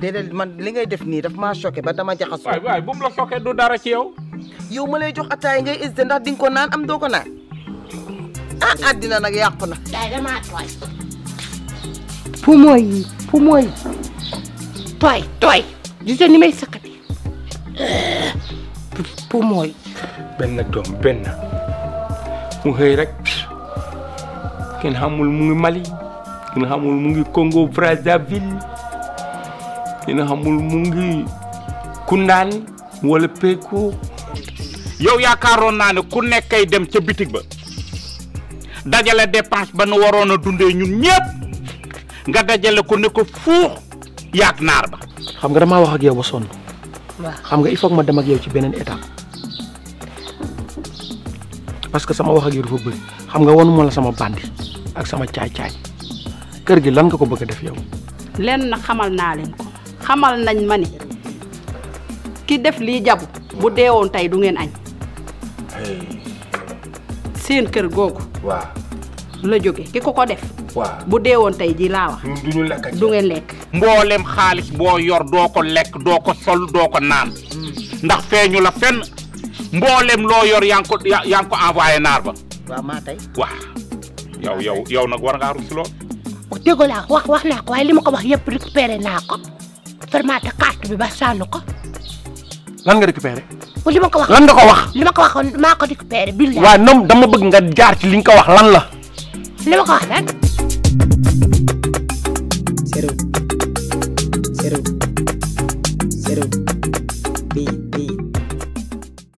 déedéet man li ngay def nii daf maa choqué ba dama jaxasoo. waay waay bu mu la du dara ci yow. ma lay jox ataay ngay hésité ndax di nga ko naan am doo naan ah àddina nag yàqu na. yaay damaa tooy. fu mooy fu mooy. tooy tooy. gis nga ni may sëkkati. fu mooy. benn doom benn mu xëy rek. ken xamul mu ngi Mali ken xamul mu ngi Congo Brazzaville ken xamul mu ngi Kundaan wala Peko yow yaakaaroon naa ne ku nekkay dem ca bitig ba dajale dépense ba nu waroon a dundee ñun ñëpp nga dajale ko ne ko fuux yaag naar ba xam nga dama wax ak yow ba sonn xam nga il faut ma dem ak yow ci beneen étape parce que sama wax ak yow dafa bëri xam nga wonuma la sama bandi ak sama caay-caay kër gi lan nga ko bëgg a def yow. lenn na xamal naa leen ko xamal nañ ma ni ki def lii jabu bu deewoon tey du ngeen añ. seen kër googu. waaw la jóge ki ko ko def. waaw bu deewoon tey jii laa wax. du ñu ngeen lekk. mboolem xaalis boo yor doo ko lekk doo ko sol doo ko naan ndax feeñu la fenn mboolem loo yor yaa ngi ko yaa naar ba. waaw maa tey waaw. yow yow yow nag war ngaa rus lool. déggoo laa wax wax naa ko waaye li ka ko wax yëpp récupéré naa ko formaté carte bi ba sànn ko. lan nga récupéré. li ma ko wax lan nga ko wax. li ma ko waxoon maa ko récupéré. billaay waaw da dama bëgg nga jaar ci li nga ko wax lan la. li ma wax lan.